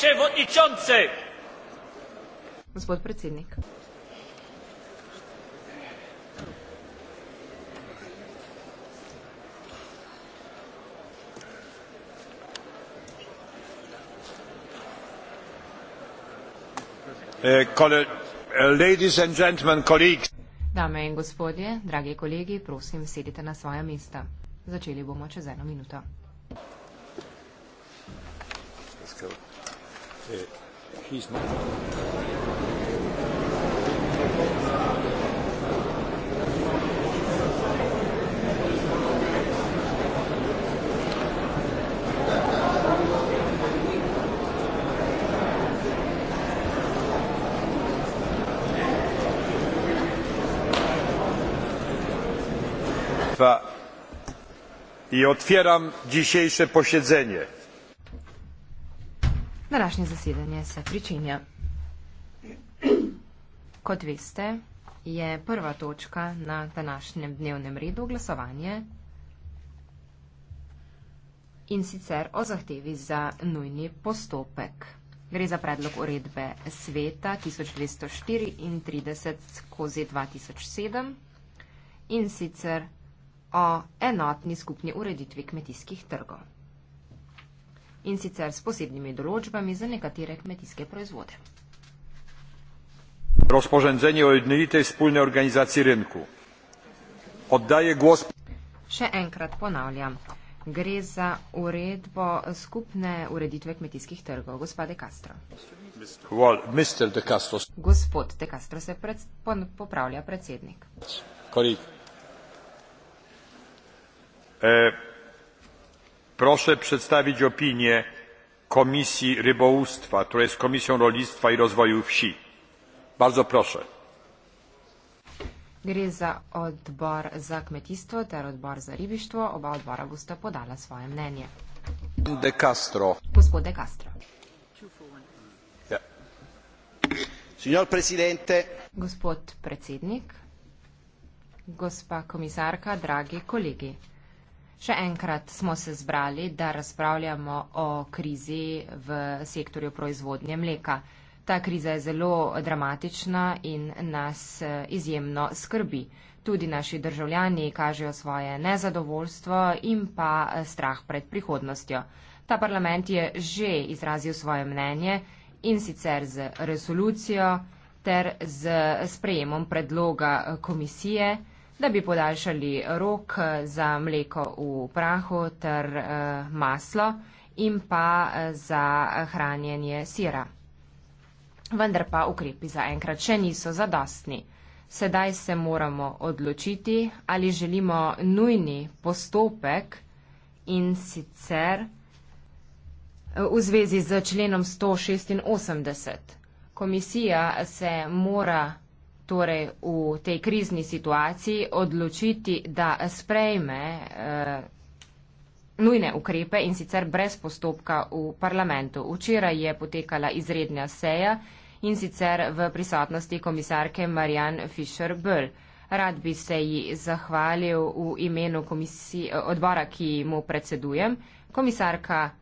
przewodniczący! Gospod predsednik. Eh, eh, Dame in gospodje, dragi kolegi, prosim, sedite na svoja mesta. Začeli bomo čez eno minuto. Let's go. Uh, he's not. I otwieram dzisiejsze posiedzenie. Današnje zasedanje se pričenja. Kot veste, je prva točka na današnjem dnevnem redu glasovanje in sicer o zahtevi za nujni postopek. Gre za predlog uredbe sveta 1234 skozi 2007 in sicer o enotni skupni ureditvi kmetijskih trgov in sicer s posebnimi določbami za nekatere kmetijske proizvode. Razporedzenje o jednolitej spolne organizaciji rinku. Oddaje glas. Še enkrat ponavljam. Gre za uredbo skupne ureditve kmetijskih trgov. Gospa De Castro. Well, Mr. De Castro. Gospod De Castro se pred, pon, popravlja predsednik. Korik. Eh, Proszę przedstawić opinię Komisji Rybołówstwa, która jest Komisją Rolnictwa i Rozwoju Wsi. Bardzo proszę. Gre za odbor za kmetijstvo ter odbor za ribištvo. Oba odbora bosta podala svoje mnenje. De Castro. Gospod De Castro. Ja. Signor presidente. Gospod predsednik, gospa komisarka, dragi kolegi. Še enkrat smo se zbrali, da razpravljamo o krizi v sektorju proizvodnje mleka. Ta kriza je zelo dramatična in nas eh, izjemno skrbi. Tudi naši državljani kažejo svoje nezadovoljstvo in pa eh, strah pred prihodnostjo. Ta parlament je že izrazil svoje mnenje in sicer z resolucijo ter z eh, sprejemom predloga komisije da bi podaljšali rok za mleko v prahu ter eh, maslo in pa eh, za hranjenje sira. Vendar pa ukrepi zaenkrat še niso zadostni. Sedaj se moramo odločiti, ali želimo nujni postopek in sicer eh, v zvezi z členom 186. Komisija se mora torej v tej krizni situaciji odločiti, da sprejme eh, nujne ukrepe in sicer brez postopka v parlamentu. Včeraj je potekala izredna seja in sicer v prisotnosti komisarke Marjan Fischer-Böll. Rad bi se ji zahvalil v imenu odbora, ki mu predsedujem. Komisarka